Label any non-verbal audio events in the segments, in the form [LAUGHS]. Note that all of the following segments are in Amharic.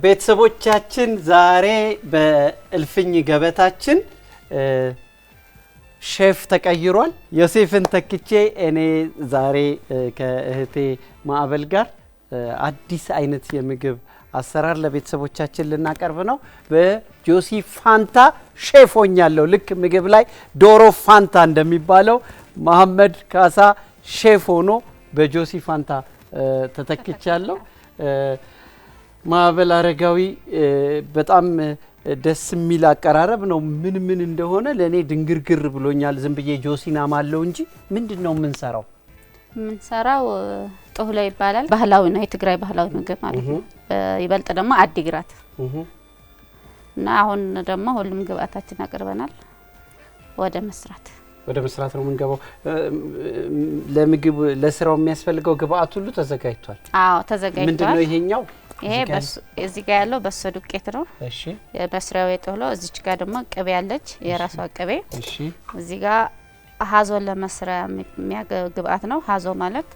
ቤተሰቦቻችን ዛሬ በእልፍኝ ገበታችን ሼፍ ተቀይሯል። ዮሴፍን ተክቼ እኔ ዛሬ ከእህቴ ማዕበል ጋር አዲስ አይነት የምግብ አሰራር ለቤተሰቦቻችን ልናቀርብ ነው። በጆሲ ፋንታ ሼፍ ሆኛለሁ። ልክ ምግብ ላይ ዶሮ ፋንታ እንደሚባለው መሐመድ ካሳ ሼፍ ሆኖ በጆሲ ፋንታ ተተክቻለሁ። ማዕበል አረጋዊ በጣም ደስ የሚል አቀራረብ ነው። ምን ምን እንደሆነ ለእኔ ድንግርግር ብሎኛል። ዝም ብዬ ጆሲና ማለው እንጂ ምንድን ነው የምንሰራው? የምንሰራው ጦህሎ ይባላል። ባህላዊ ነው፣ የትግራይ ባህላዊ ምግብ ማለት ነው። ይበልጥ ደግሞ አዲግራት እና አሁን ደግሞ ሁሉም ግብአታችን አቅርበናል። ወደ መስራት ወደ መስራት ነው የምንገባው። ለምግብ ለስራው የሚያስፈልገው ግብአት ሁሉ ተዘጋጅቷል። አዎ ተዘጋጅቷል። ምንድን ነው ይሄኛው ይሄ እዚህ ጋር ያለው በሶ ዱቄት ነው። እሺ የመስሪያው የጥህሎ እዚች ጋር ደግሞ ቅቤ ያለች የራሷ ቅቤ። እሺ እዚህ ጋር ሀዞን ለመስሪያ የሚያግብአት ነው። ሀዞ ማለት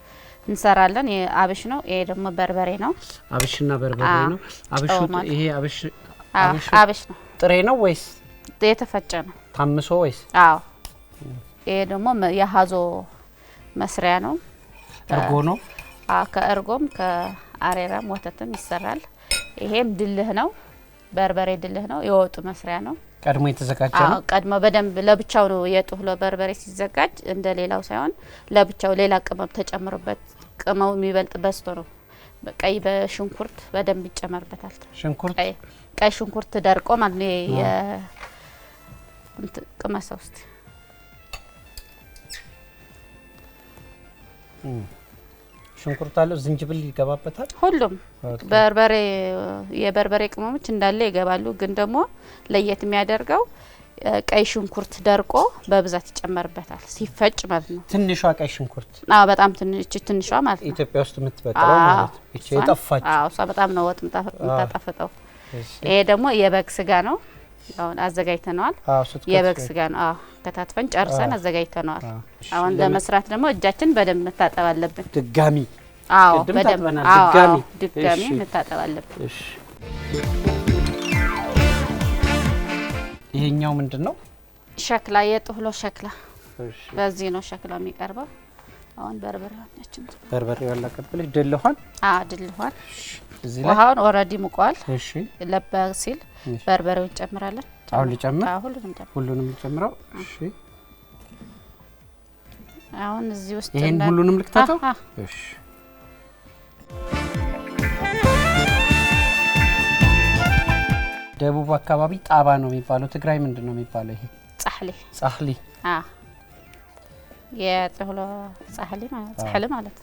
እንሰራለን። አብሽ ነው። ይሄ ደግሞ በርበሬ ነው። አብሽና በርበሬ ነው። አብሽ ይሄ አብሽ አብሽ ነው። ጥሬ ነው ወይስ የተፈጨ ነው? ታምሶ ወይስ? አዎ ይሄ ደግሞ የሀዞ መስሪያ ነው። እርጎ ነው። ከእርጎም ከ አሬራም ወተትም ይሰራል። ይሄም ድልህ ነው፣ በርበሬ ድልህ ነው፣ የወጡ መስሪያ ነው። ቀድሞ የተዘጋጀ ነው። ቀድሞ በደንብ ለብቻው ነው የጥህሎ በርበሬ ሲዘጋጅ እንደ ሌላው ሳይሆን ለብቻው ሌላ ቅመም ተጨምሮበት ቅመው የሚበልጥ በስቶ ነው። ቀይ በሽንኩርት በደንብ ይጨመርበታል። ሽንኩርት ቀይ ሽንኩርት ደርቆ ማለት ነው። ቅመሳ ውስጥ ሽንኩርት አለው፣ ዝንጅብል ይገባበታል። ሁሉም በርበሬ የበርበሬ ቅመሞች እንዳለ ይገባሉ። ግን ደግሞ ለየት የሚያደርገው ቀይ ሽንኩርት ደርቆ በብዛት ይጨመርበታል፣ ሲፈጭ ማለት ነው። ትንሿ ቀይ ሽንኩርት? አዎ፣ በጣም ትንሽ ትንሿ ማለት ነው። ኢትዮጵያ ውስጥ የምትበቅለው ማለት ነው። የጠፋች? አዎ፣ እሷ በጣም ነው ወጥ የምታጣፍጠው። ይሄ ደግሞ የበግ ስጋ ነው። አሁን አዘጋጅተነዋል። የበግ ስጋ ነው። አዎ ከታትፈን ጨርሰን አዘጋጅተነዋል። አሁን ለመስራት ደግሞ እጃችን በደንብ መታጠብ አለብን። ድጋሚ አዎ፣ በደንብ ድጋሚ ድጋሚ መታጠብ አለብን። ይሄኛው ምንድን ነው? ሸክላ የጥህሎ ሸክላ። በዚህ ነው ሸክላ የሚቀርበው። አሁን በርበሬ ሆነች እንጂ በርበሬ ዋላ ቀበለች ድልሆን አ ድልሆን እዚህ ላይ ውሃውን ኦልሬዲ ሙቋል። እሺ ለባ ሲል በርበሬውን እንጨምራለን። አሁን ልጨምር፣ ሁሉንም ጨምር፣ ሁሉንም ጨምረው። እሺ አሁን እዚህ ውስጥ ይሄን ሁሉንም ልክታቸው። እሺ ደቡብ አካባቢ ጣባ ነው የሚባለው። ትግራይ ምንድን ነው የሚባለው? ይሄ ጻህሊ ጻህሊ። የጥህሎ ጻህሊ ማለት ጻህሊ ማለት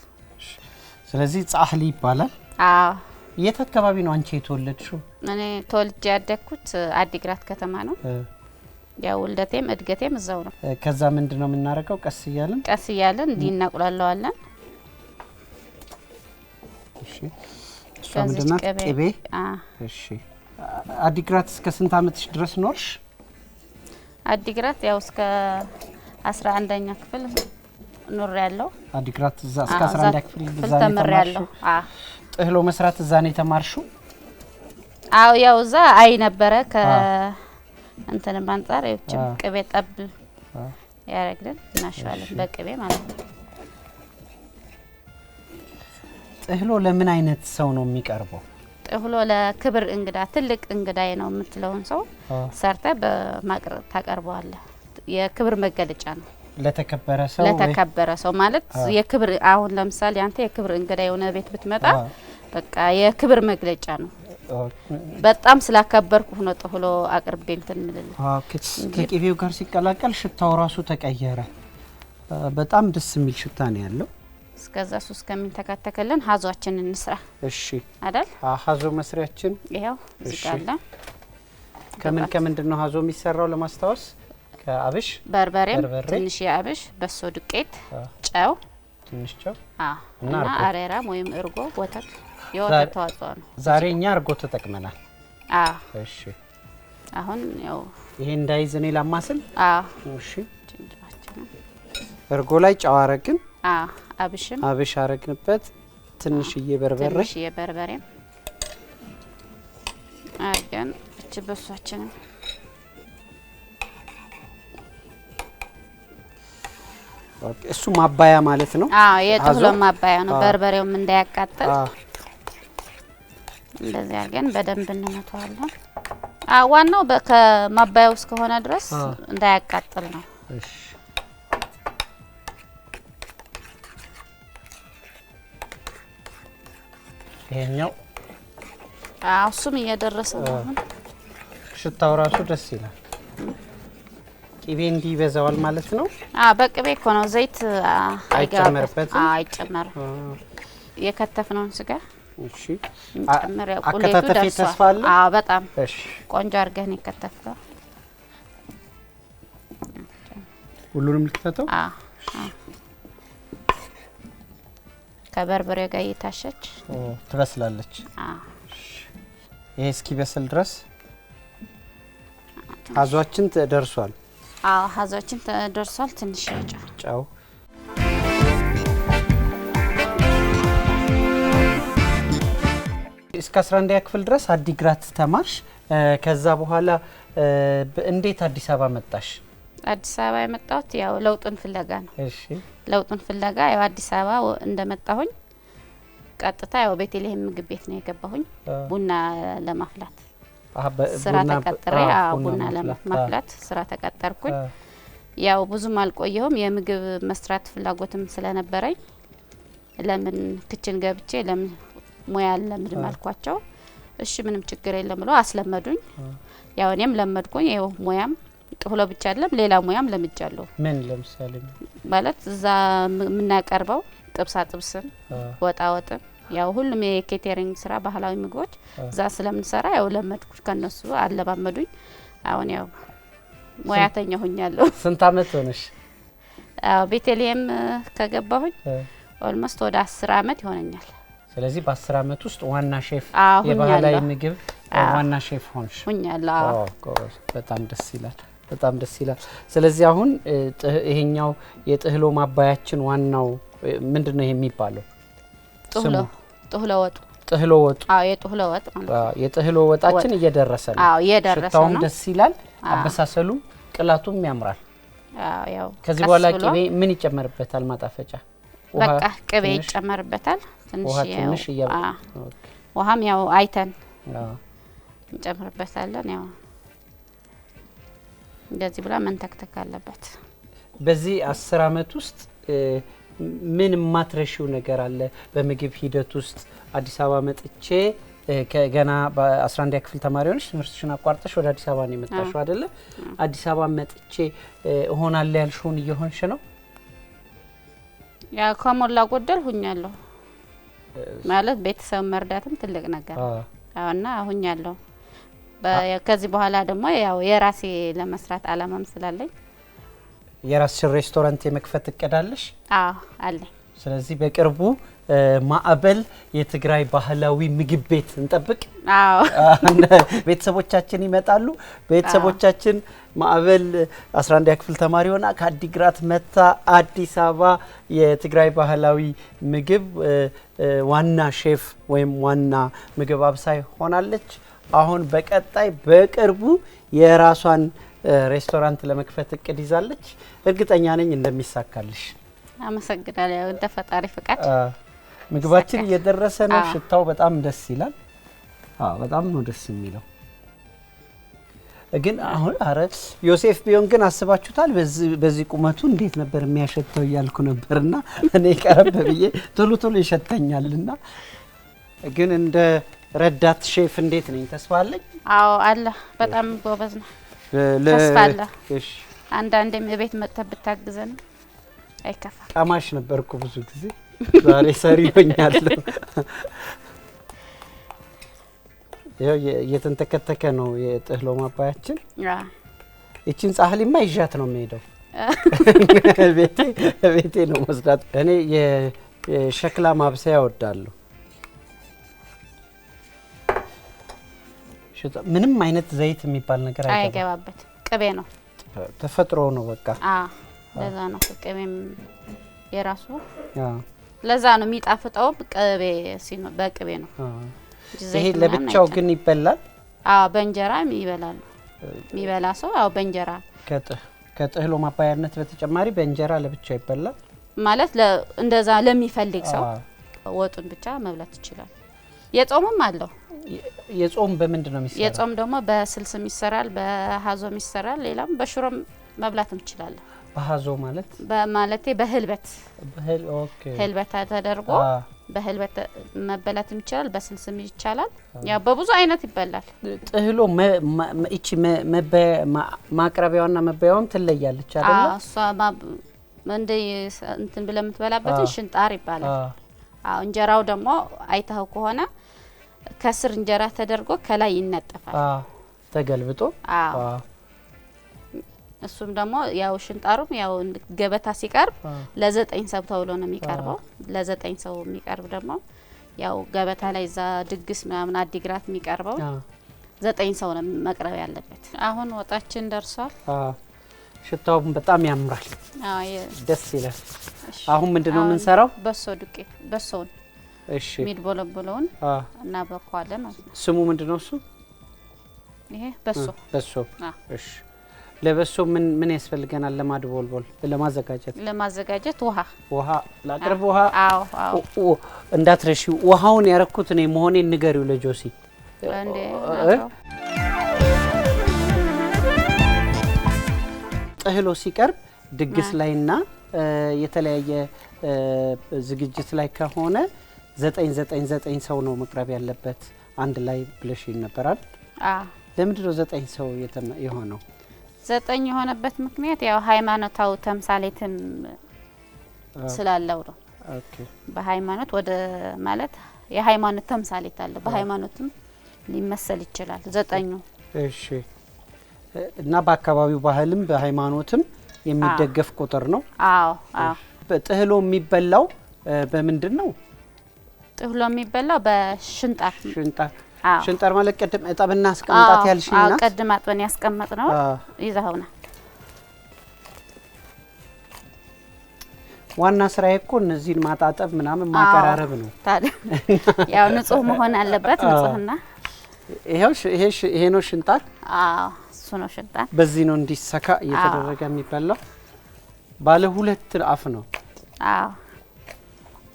ስለዚህ ጻህሊ ይባላል። አዎ። የት አካባቢ ነው አንቺ የተወለድሽው? እኔ ተወልጄ ያደግኩት አዲግራት ከተማ ነው። ያው ውልደቴም እድገቴም እዛው ነው። ከዛ ምንድን ነው የምናደርገው? ቀስ እያለን ቀስ እያለን እንዲህ እናቁላለዋለን። እሺ። ቅቤ። እሺ። አዲግራት እስከ ስንት አመትሽ ድረስ ኖርሽ? አዲግራት ያው እስከ አስራ አንደኛ ክፍል ኑር ያለው አዲግራት እዛ እስከ አስራ አንደኛ ክፍል ተምር ያለው ጥህሎ መስራት እዛ ነው የተማርሽው? አዎ ያው እዛ አይ ነበረ ከእንትንም አንጻር ይችም ቅቤ ጠብ ያደረግልን እናሸዋለን በቅቤ ማለት ነው። ጥህሎ ለምን አይነት ሰው ነው የሚቀርበው? ጥህሎ ለክብር እንግዳ፣ ትልቅ እንግዳዬ ነው የምትለውን ሰው ሰርተ በማቅረብ ታቀርበዋለህ። የክብር መገለጫ ነው። ለተከበረ ሰው ለተከበረ ሰው ማለት የክብር አሁን ለምሳሌ አንተ የክብር እንግዳ የሆነ ቤት ብትመጣ በቃ የክብር መግለጫ ነው። በጣም ስላከበርኩ ሆኖ ጥህሎ አቅርቤ እንትን ምልልህ። ጋር ሲቀላቀል ሽታው ራሱ ተቀየረ። በጣም ደስ የሚል ሽታ ነው ያለው። እስከዛ ሱ እስከሚንተካተከልን ሀዟችን እንስራ። እሺ አይደል? ሀዞ መስሪያችን ይኸው እዚህ ጋር አለ። ከምን ከምንድን ነው ሀዞ የሚሰራው ለማስታወስ አብሽ፣ በርበሬም ትንሽ የአብሽ በሶ ዱቄት፣ ጨው፣ ትንሽ ጨው እና አሬራም ወይም እርጎ ወተት፣ የወተት ተዋጽኦ ነው። ዛሬ እኛ እርጎ ተጠቅመናል። እሺ፣ አሁን ያው ይሄ እንዳይዝ እኔ ላማስል። እሺ፣ እርጎ ላይ ጨው አረግን፣ አብሽም አብሽ አረግንበት፣ ትንሽዬ በርበሬ ትንሽዬ በርበሬም አርገን እች በሷችንም እሱ ማባያ ማለት ነው። አዎ የጥህሎ ማባያ ነው። በርበሬውም እንዳያቃጥል እንደዚህ አድርገን በደንብ እንመታዋለን። አዎ ዋናው ከማባያው እስከሆነ ድረስ እንዳያቃጥል ነው። እሺ ይሄኛው እሱም እየደረሰ ነው። ሽታው ራሱ ደስ ይላል። ቅቤ እንዲህ ይበዛዋል ማለት ነው። በቅቤ እኮ ነው፣ ዘይት አይጨመርበትም። አይጨመርም። የከተፍነውን ስጋ አከታተፌ ተስፋ አለ። በጣም ቆንጆ ነው የከተፍነው ሁሉንም ልክተተው ከበርበሬ ጋር እየታሸች ትበስላለች። ይሄ እስኪ በስል ድረስ አዟችን ደርሷል። አሃዛችን ተደርሷል። ትንሽ ጫው እስከ 11 ክፍል ድረስ አዲግራት ተማርሽ። ከዛ በኋላ እንዴት አዲስ አበባ መጣሽ? አዲስ አበባ የመጣሁት ያው ለውጡን ፍለጋ ነው። እሺ ለውጡን ፍለጋ ያው አዲስ አበባ እንደመጣሁኝ ቀጥታ ያው ቤተልሔም ምግብ ቤት ነው የገባሁኝ ቡና ለማፍላት ስራ ተቀጥሬ ቡና ለማፍላት ስራ ተቀጠርኩኝ። ያው ብዙም አልቆየሁም። የምግብ መስራት ፍላጎትም ስለነበረኝ ለምን ክችን ገብቼ ለምን ሙያ ለምድም አልኳቸው። እሺ ምንም ችግር የለም ብሎ አስለመዱኝ። ያው እኔም ለመድኩኝ። ይኸው ሙያም ጥህሎ ብቻ አይደለም ሌላ ሙያም ለምጃለሁ። ምን ለምሳሌ ማለት እዛ የምናቀርበው ጥብሳ ጥብስን፣ ወጣ ወጥን ያው ሁሉም የኬቴሪንግ ስራ ባህላዊ ምግቦች እዛ ስለምንሰራ ያው ለመድኩ፣ ከነሱ አለባመዱኝ። አሁን ያው ሙያተኛ ሆኛለሁ። ስንት አመት ሆነሽ? ቤተልሔም ከገባሁኝ ኦልሞስት ወደ አስር አመት ይሆነኛል። ስለዚህ በአስር አመት ውስጥ ዋና ሼፍ የባህላዊ ምግብ ዋና ሼፍ ሆንሽ ሆኛለሁ። በጣም ደስ ይላል። በጣም ደስ ይላል። ስለዚህ አሁን ይሄኛው የጥህሎ ማባያችን ዋናው ምንድን ነው የሚባለው? ጥህሎ ጥህሎ ወጡ ጥህሎ ወጡ። አዎ የጥህሎ ወጥ ማለት የጥህሎ ወጣችን እየደረሰ ነው። አዎ እየደረሰ ነው። ሽታውም ደስ ይላል፣ አበሳሰሉም ቅላቱም ያምራል። አዎ ያው ከዚህ በኋላ ቅቤ ምን ይጨመርበታል? ማጣፈጫ በቃ ቅቤ ይጨመርበታል። ትንሽ ውሃም ያው አይተን እንጨምርበታለን። ያው እንደዚህ ብላ መንተክተክ አለበት። በዚህ አስር አመት ውስጥ ምን የማትረሺው ነገር አለ? በምግብ ሂደት ውስጥ አዲስ አበባ መጥቼ ገና በ11 ክፍል ተማሪ ሆነሽ ትምህርትሽን አቋርጠሽ ወደ አዲስ አበባ ነው የመጣሽው አይደለ? አዲስ አበባ መጥቼ እሆናለ ያልሽውን እየሆንሽ ነው? ያ ከሞላ ጎደል ሁኛለሁ ማለት ቤተሰብ መርዳትም ትልቅ ነገር እና ሁኛለሁ። ከዚህ በኋላ ደግሞ ያው የራሴ ለመስራት አላማም ስላለኝ የራስሽን ሬስቶራንት የመክፈት እቅድ አለሽ? አዎ ስለዚህ በቅርቡ ማዕበል የትግራይ ባህላዊ ምግብ ቤት እንጠብቅ። ቤተሰቦቻችን ይመጣሉ። ቤተሰቦቻችን ማዕበል 11 ክፍል ተማሪ ሆና ከአዲግራት መታ አዲስ አበባ የትግራይ ባህላዊ ምግብ ዋና ሼፍ ወይም ዋና ምግብ አብሳይ ሆናለች። አሁን በቀጣይ በቅርቡ የራሷን ሬስቶራንት ለመክፈት እቅድ ይዛለች። እርግጠኛ ነኝ እንደሚሳካልሽ። አመሰግናለሁ። እንደ ፈጣሪ ፍቃድ ምግባችን እየደረሰ ነው። ሽታው በጣም ደስ ይላል። በጣም ነው ደስ የሚለው። ግን አሁን አረ ዮሴፍ ቢሆን ግን አስባችሁታል? በዚህ ቁመቱ እንዴት ነበር የሚያሸተው እያልኩ ነበርና እኔ ቀረብ ብዬ ቶሎ ቶሎ ይሸተኛልና፣ ግን እንደ ረዳት ሼፍ እንዴት ነኝ? ተስፋ አለኝ። አዎ አለ። በጣም ጎበዝ ነው። ተስፋ አንዳንዴም እቤት መጥተህ ብታግዘን ቀማሽ ነበርኩ ብዙ ጊዜ፣ ዛሬ ሰሪ ሆኛለሁ። ያው እየተንተከተከ ነው የጥህሎ ማባያችን። ይችን ጻህሊማ ይዣት ነው የሚሄደው። [LAUGHS] ቤቴ ነው መስዳት። እኔ የሸክላ ማብሰያ እወዳለሁ። ምንም አይነት ዘይት የሚባል ነገር አይገባበት። ቅቤ ነው፣ ተፈጥሮ ነው። በቃ ለዛ ነው ቅቤ የራሱ ለዛ ነው የሚጣፍጠው። ቅቤ በቅቤ ነው። ይሄ ለብቻው ግን ይበላል። አዎ በእንጀራ ይበላል። የሚበላ ሰው አዎ በእንጀራ ከጥህሎ ማባያነት በተጨማሪ በእንጀራ ለብቻ ይበላል ማለት እንደዛ ለሚፈልግ ሰው ወጡን ብቻ መብላት ይችላል። የጾምም አለው። የጾም በምንድን ነው የሚሰራው? የጾም ደግሞ በስልስም ይሰራል፣ በሀዞም ይሰራል፣ ሌላም በሽሮም መብላት እንችላለን። በሀዞ ማለት በማለቴ በህልበት ህልበት ተደርጎ በህልበት መበላትም ይችላል በስልስም ይቻላል። ያው በብዙ አይነት ይበላል። ጥህሎ እቺ ማቅረቢያዋና መበያውም ትለያለች አይደለ? እሷ እንደ እንትን ብለህ ሽንጣር ይባላል። እንጀራው ደግሞ አይተኸው ከሆነ ከስር እንጀራ ተደርጎ ከላይ ይነጠፋል ተገልብጦ። እሱም ደግሞ ያው ሽንጣሩም ያው ገበታ ሲቀርብ ለዘጠኝ ሰው ተብሎ ነው የሚቀርበው። ለዘጠኝ ሰው የሚቀርብ ደግሞ ያው ገበታ ላይ እዛ ድግስ ምናምን አዲግራት የሚቀርበው ዘጠኝ ሰው ነው መቅረብ ያለበት። አሁን ወጣችን ደርሷል። ሽታውም በጣም ያምራል፣ ደስ ይላል። አሁን ምንድነው የምንሰራው? በሶ ዱቄት በሶን እሺ የሚድቦለቦለውን እናበኳለን ማለት ነው። ስሙ ምንድን ነው? እሱ ይሄ በሶ በሶ። እሺ ለበሶ ምን ምን ያስፈልገናል? ለማድቦልቦል ለማዘጋጀት ለማዘጋጀት ውሃ ውሃ ላቅርብ። ውሃ አዎ፣ አዎ እንዳትረሺ። ውሃውን ያረኩት እኔ መሆኔ ንገሪው ለጆሲ እንዴ ጥህሎ ሲቀርብ ድግስ ላይና የተለያየ ዝግጅት ላይ ከሆነ ዘጠኝ ዘጠኝ ዘጠኝ ሰው ነው መቅረብ ያለበት አንድ ላይ ብለሽ ይነበራል። ለምንድን ነው ዘጠኝ ሰው የሆነው? ዘጠኝ የሆነበት ምክንያት ያው ሃይማኖታዊ ተምሳሌትም ስላለው ነው። በሃይማኖት ወደ ማለት የሃይማኖት ተምሳሌት አለ። በሃይማኖትም ሊመሰል ይችላል ዘጠኙ። እሺ እና በአካባቢው ባህልም በሃይማኖትም የሚደገፍ ቁጥር ነው። አዎ አዎ። ጥህሎ የሚበላው በምንድን ነው? ጥህሎ የሚበላው በሽንጠር ሽንጠር ሽንጠር ማለት ቅድም እጠብና አስቀምጣት ያልሽና ቅድም አጥበን ያስቀመጥ ነው ይዘኸውና ዋና ስራ እኮ እነዚህን ማጣጠብ ምናምን ማቀራረብ ነው። ታዲያ [LAUGHS] ያው ንጹህ መሆን አለበት። ንጹህና ይሄው ይሄ ይሄ ነው ሽንጣን። አዎ እሱ ነው ሽንጣን። በዚህ ነው እንዲሰካ እየተደረገ የሚበላው። ባለ ሁለት አፍ ነው። አዎ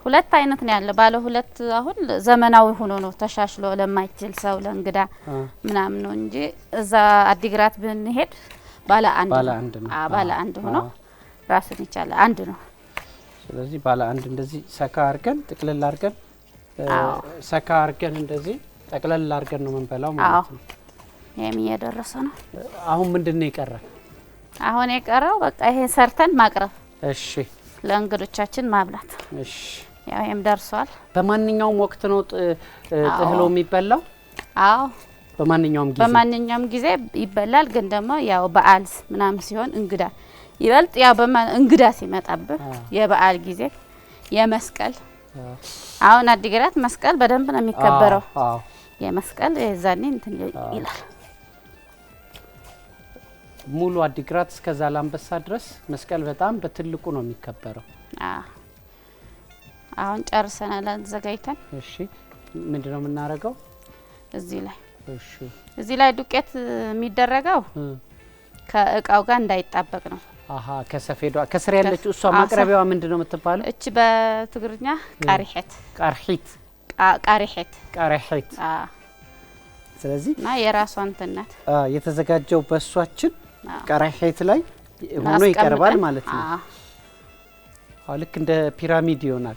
ሁለት አይነት ነው ያለ። ባለ ሁለት አሁን ዘመናዊ ሆኖ ነው ተሻሽሎ ለማይችል ሰው ለእንግዳ ምናምን ነው እንጂ እዛ አዲግራት ብንሄድ ባለ አንድ ባለ አንድ ነው። አዎ ባለ አንድ ሆኖ ራሱን ይቻለ አንድ ነው። ስለዚህ ባለ አንድ እንደዚህ ሰካ አርገን ጥቅልል አርገን ሰካ አርገን እንደዚህ ጠቅለል አርገን ነው የምንበላው ማለት ነው። ይሄም እየደረሰ ነው። አሁን ምንድን ነው የቀረ? አሁን የቀረው በቃ ይሄ ሰርተን ማቅረብ። እሺ ለእንግዶቻችን ማብላት። እሺ ያም ደርሷል። በማንኛውም ወቅት ነው ጥህሎ የሚበላው? አዎ በማንኛውም ጊዜ በማንኛውም ጊዜ ይበላል። ግን ደግሞ ያው በዓል ምናምን ሲሆን እንግዳ ይበልጥ ያው በማን እንግዳ ሲመጣብህ የበዓል ጊዜ የመስቀል አሁን አዲግራት መስቀል በደንብ ነው የሚከበረው። የመስቀል የዛኔ እንትን ይላል። ሙሉ አዲግራት እስከ ዛላምበሳ ድረስ መስቀል በጣም በትልቁ ነው የሚከበረው። አዎ አሁን ጨርሰናል አዘጋጅተን። እሺ ምንድን ነው የምናደርገው እዚህ ላይ? እሺ እዚህ ላይ ዱቄት የሚደረገው ከእቃው ጋር እንዳይጣበቅ ነው። አሀ ከሰፌዷ ከስር ያለችው እሷ ማቅረቢያዋ ምንድን ነው የምትባለው? እች በትግርኛ ቃሪሄት ቃሪሂት ቃሪሄት ቃሪሂት። ስለዚህ እና የራሷ እንትን ናት የተዘጋጀው በእሷችን ቀረሄት ላይ ሆኖ ይቀርባል ማለት ነው። ልክ እንደ ፒራሚድ ይሆናል።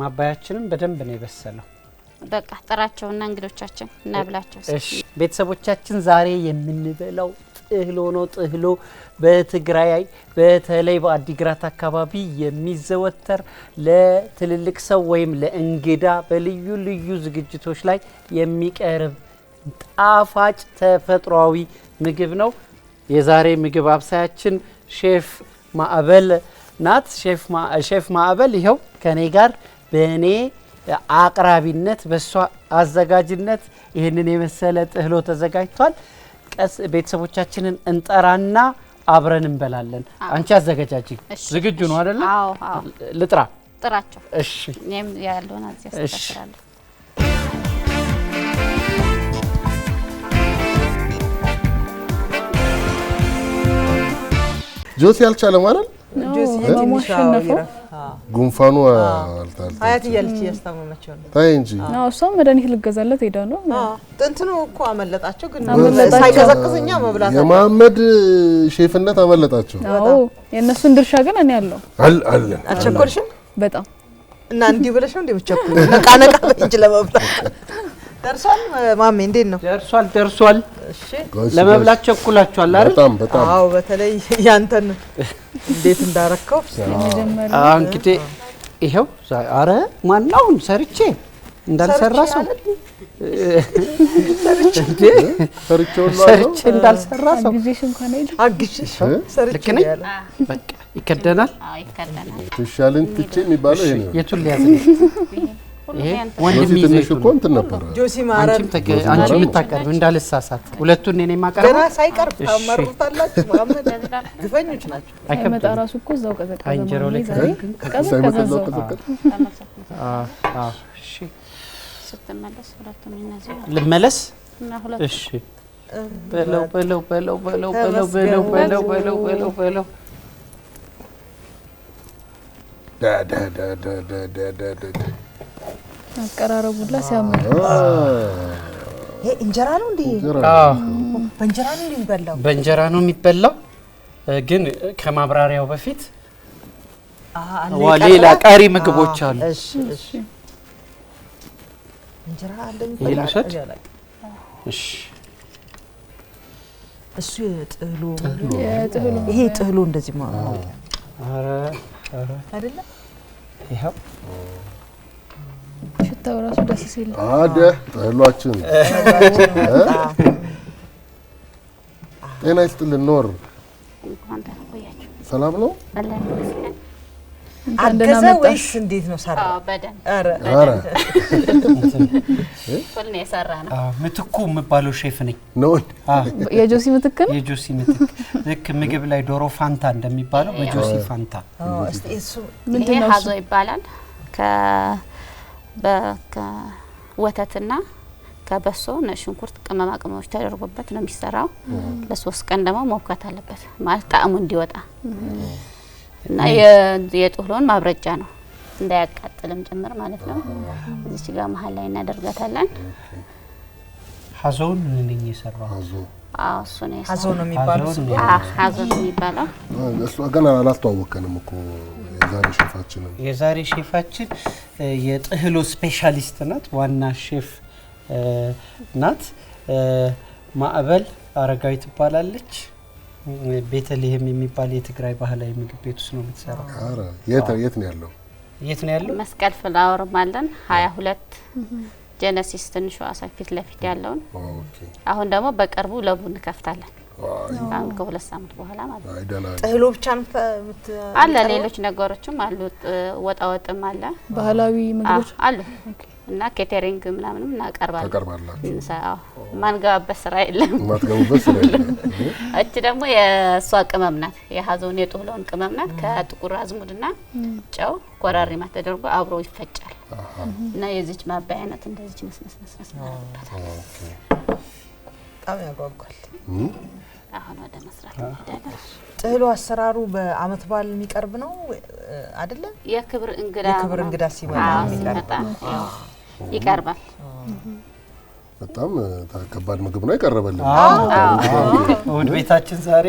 ማባያችንም በደንብ ነው የበሰለው። በቃ ጥራቸውና እንግዶቻችን እናብላቸው። ቤተሰቦቻችን ዛሬ የምንበላው ጥህሎ ነው። ጥህሎ በትግራይ በተለይ በአዲግራት አካባቢ የሚዘወተር ለትልልቅ ሰው ወይም ለእንግዳ በልዩ ልዩ ዝግጅቶች ላይ የሚቀርብ ጣፋጭ ተፈጥሯዊ ምግብ ነው። የዛሬ ምግብ አብሳያችን ሼፍ ማዕበል ናት። ሼፍ ማዕበል ይኸው ከእኔ ጋር በእኔ አቅራቢነት በእሷ አዘጋጅነት ይህንን የመሰለ ጥህሎ ተዘጋጅቷል። ቀስ ቤተሰቦቻችንን እንጠራና አብረን እንበላለን። አንቺ አዘገጃጅ ዝግጁ ነው አይደለ? ልጥራ ጥራቸው። እሺ ያለውን ጆሲ አልቻለም አይደል? ጉንፋኑ አያት እያለች እያስታመመችው ነው። ታይ እንጂ እሷም መድኃኒት ልገዛለት ሄዳ ነው። ጥንትኑ እኮ አመለጣቸው፣ ግን ሳይቀዘቅዝኛ መብላት የመሀመድ ሼፍነት አመለጣቸው። የእነሱን ድርሻ ግን እኔ አለው አለን። አልቸኮልሽም በጣም እና እንዲህ ብለሽ ነው እንዲህ ብቻ ነቃነቃ ለእንጂ ለመብላት ደርሷል። ማሜ እንዴት ነው? ደርሷል ደርሷል። እሺ ለመብላት ቸኩላችኋል አይደል? በጣም በጣም። አዎ በተለይ [LAUGHS] ያንተን እንዴት እንዳረከው እንግዲህ ይኸው። አረ ማናውን ሰርቼ እንዳልሰራ ሰው ሰርቼ እንዳልሰራ ሰው ልክ ነኝ። በቃ ይከደናል። ትሻልን ትቼ የሚባለው ይሄ ነው። የቱን ሊያዝ ነው እንዳልሳሳት ሁለቱን እኔ ማቀርብ ልመለስ እሺ በለው በለው በለው በለው በለው በለው በለው በለው በለው በለው ዳ አቀራረቡላ ሲያምር እንጀራ ነው እንዴ? በእንጀራ ነው የሚበላው። በእንጀራ ነው የሚበላው። ግን ከማብራሪያው በፊት ሌላ ቀሪ ምግቦች አሉ። እሱ የጥህሉ ይሄ ጥህሉ እንደዚህ ማለት ነው አይደለም? ይኸው ሽታው ራሱ ደስ ሲል አደ ጠሏችን ጤና ይስጥልን። ኖር ሰላም ነው። አገዘ ወይስ እንዴት ነው? ሰራ ምትኩ የምባለው ሼፍ ነኝ። የጆሲ ምትክ ነው። የጆሲ ምትክ ልክ ምግብ ላይ ዶሮ ፋንታ እንደሚባለው በጆሲ ፋንታ ምንድን ሀዞ ይባላል። ወተትና ከበሶ ነጭ ሽንኩርት፣ ቅመማ ቅመሞች ተደርጎበት ነው የሚሰራው። ለሶስት ቀን ደግሞ መውካት አለበት ማለት ጣዕሙ እንዲወጣ እና የጥህሎን ማብረጃ ነው እንዳያቃጥልም ጭምር ማለት ነው። እዚች ጋር መሀል ላይ እናደርጋታለን። ሀዞን ምንኝ እሱ ነው የሚባለው። ገና አላስተዋወቀንም እኮ የዛሬ ሼፋችን የዛሬ ሼፋችን የጥህሎ ስፔሻሊስት ናት፣ ዋና ሼፍ ናት። ማዕበል አረጋዊ ትባላለች። ቤተልሔም የሚባል የትግራይ ባህላዊ ምግብ ቤት ውስጥ ነው የምትሰራው። የት ነው ያለው? የት ነው ያለው? መስቀል ፍላወር ማለን ሀያ ሁለት ጀነሲስ ትንሿ ፊት ለፊት ያለውን። አሁን ደግሞ በቅርቡ ለቡ እንከፍታለን። ከሁለት ሳምንት በኋላ ማለት ነው። ጥህሎ ብቻ አለ፣ ሌሎች ነገሮችም አሉ። ወጣ ወጥም አለ፣ ባህላዊ ምግቦች አሉ እና ኬተሪንግ ምናምንም እናቀርባለን። ማንገባበት ስራ የለም። እች ደግሞ የእሷ ቅመም ናት፣ የሀዘውን የጥህሎውን ቅመም ናት። ከጥቁር አዝሙድና ጨው፣ ኮረሪማ ተደርጎ አብሮ ይፈጫል እና የዚች ማባያ አይነት እንደዚች መስመስመስመስበታል። በጣም ያጓጓል። አሁን ወደ መስራት እንሄዳለን። ጥህሉ አሰራሩ በአመት በዓል የሚቀርብ ነው አይደለ? የክብር እንግዳ የክብር እንግዳ ሲመጣ ሲመጣ ይቀርባል። በጣም ከባድ ምግብ ነው የቀረበልን። እሑድ ቤታችን ዛሬ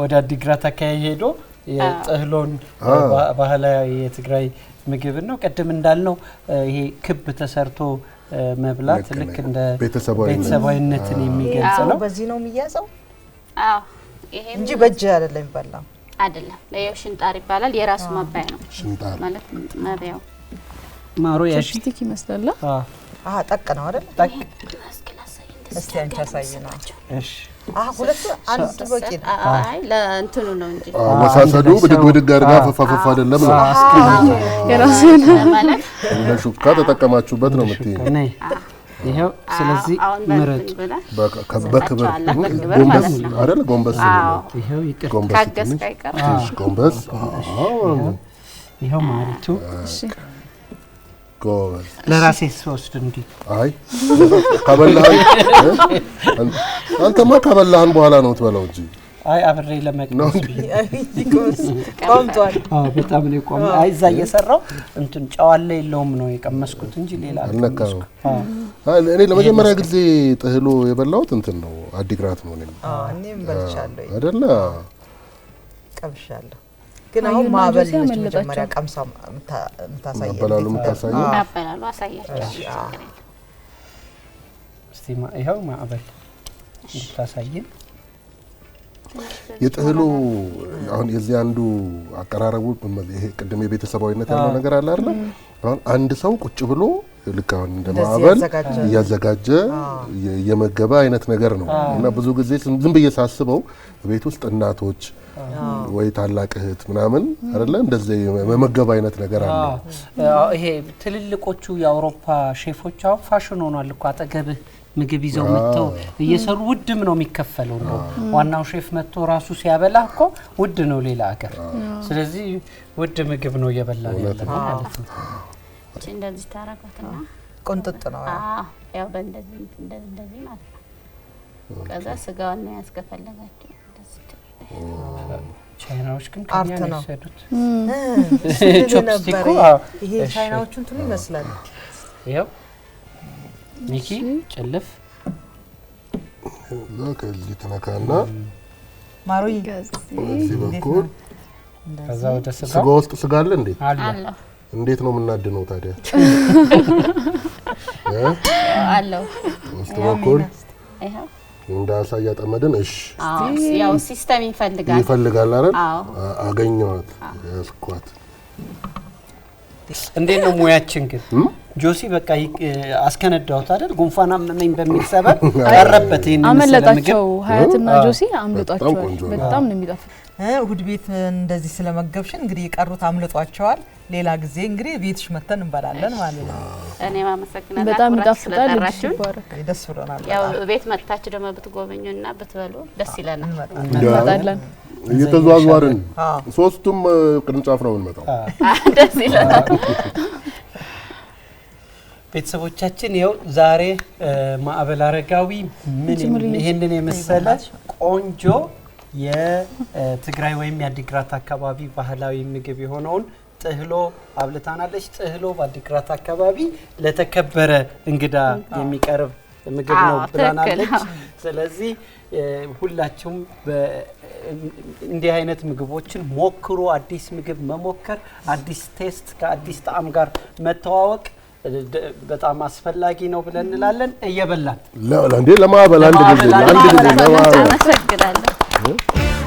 ወደ አዲግራት አካባቢ ሄዶ የጥህሎን ባህላዊ የትግራይ ምግብ ነው። ቅድም እንዳልነው ይሄ ክብ ተሰርቶ መብላት ልክ እንደ ቤተሰባዊነትን የሚገልጽ ነው። በዚህ ነው የሚያዘው እንጂ በእጅ አይደለም የሚበላው። አይደለም ያው ሽንጣር ይባላል። የራሱ ማባያ ነው ማለት መብያው ማሮ ያሽቲክ ይመስላል። ጠቅ ነው አይደል? ጠቅ እስኪ አንቺ አሳይ ነው። እሺ ሁለቱ አንድ በቂ መሳሰዱ ብድግ ብድግ አድርጋ ፈፋፈፋ አይደለም ነው የራሱን ማለት ተጠቀማችሁበት ነው የምትይኝ። ይኸው ስለዚህ ምረጡ በክብር ጎንበስ አይደል? ጎንበስ ጎንበስ ጎንበስ ይኸው ማሪቱ ጎበዝ። ለራሴ ስወስድ እንዲህ አይ ከበላህን አንተማ ከበላህን በኋላ ነው ትበላው እንጂ አይ አብሬ ለመቅመስ በጣም ነው አይ እዛ እየሰራው እንትን ጨዋለ የለውም ነው የቀመስኩት እንጂ ሌላ አልነካው። እኔ ለመጀመሪያ ጊዜ ጥህሎ የበላሁት እንትን ነው አዲግራት ነው። እኔም በልቻለሁ አይደለ ግን አሁን ማዕበል ልጅ መጀመሪያ ቀምሳ የምታሳይ አበላሉ አሳያቸው። እስቲ ይኸው ማዕበል እንድታሳይን የጥህሉ አሁን የዚህ አንዱ አቀራረቡ ይሄ ቅድም የቤተሰባዊነት ያለው ነገር አለ አይደል? አሁን አንድ ሰው ቁጭ ብሎ ልክ አሁን እንደ ማዕበል እያዘጋጀ የመገበ አይነት ነገር ነው እና ብዙ ጊዜ ዝም ብዬ ሳስበው ቤት ውስጥ እናቶች ወይ ታላቅ እህት ምናምን አይደለ እንደዚህ መመገብ አይነት ነገር አለ። ይሄ ትልልቆቹ የአውሮፓ ሼፎች አሁን ፋሽን ሆኗል እኮ አጠገብህ ምግብ ይዘው መጥተው እየሰሩ ውድም ነው የሚከፈለው። ነው ዋናው ሼፍ መጥቶ ራሱ ሲያበላ እኮ ውድ ነው ሌላ ሀገር። ስለዚህ ውድ ምግብ ነው እየበላ ያለ ማለት ነው። እቺ እንደዚህ ታረጋትና ቆንጥጥ ነው። አዎ ያው በእንደዚህ እንደዚህ ማለት ነው። ከዛ ስጋውን ነው ያስከፈለጋችሁ። ቻይናዎች ግን አርት ነው ሰዱት። ይሄ ቻይናዎቹ እንትኑ ይመስላል። ያው ሚኪ ጭልፍ ከዚህ ተነካና ማሮይ ከዚህ በኩል ከዛ ወደ ስጋ ውስጥ ስጋ አለ እንዴ? አለ እንዴት ነው የምናድነው ታዲያ? [LAUGHS] አለው እስቲ በኩል እንደ አሳ እያጠመድን እሺ፣ ያው ሲስተም ይፈልጋል ይፈልጋል አይደል? አገኘኋት፣ ያስኳት። እንዴት ነው ሙያችን ግን ጆሲ በቃ አስከነዳሁት አይደል? ጉንፋን አመመኝ በሚል ሰበብ ቀረበት። ይሄን አመለጣቸው። ሀያትና ጆሲ አምልጧቸዋል። በጣም ነው የሚጣፍጥ እሁድ ቤት እንደዚህ ስለመገብሽን እንግዲህ የቀሩት አምልጧቸዋል። ሌላ ጊዜ እንግዲህ ቤትሽ መተን እንበላለን ማለት ነው። እኔ ማመሰግናለሁ። በጣም ይጣፍጣል። ደስ ብሎናል። ያው ቤት መጥታችሁ ደግሞ ብትጎበኙ እና ብትበሉ ደስ ይለናል። እንመጣለን። እየተዟዟርን ሶስቱም ቅርንጫፍ ነው እንመጣው። [LAUGHS] ደስ ይለናል። ቤተሰቦቻችን ያው ዛሬ ማዕበል አረጋዊ ምን ይሄንን የመሰለ ቆንጆ የትግራይ ወይም የአዲግራት አካባቢ ባህላዊ ምግብ የሆነውን ጥህሎ አብልታናለች። ጥህሎ በአዲግራት አካባቢ ለተከበረ እንግዳ የሚቀርብ ምግብ ነው ብላናለች። ስለዚህ ሁላችሁም እንዲህ አይነት ምግቦችን ሞክሩ። አዲስ ምግብ መሞከር፣ አዲስ ቴስት ከአዲስ ጣዕም ጋር መተዋወቅ በጣም አስፈላጊ ነው ብለን እንላለን። እየበላን ለማበላ አንድ ጊዜ Vou.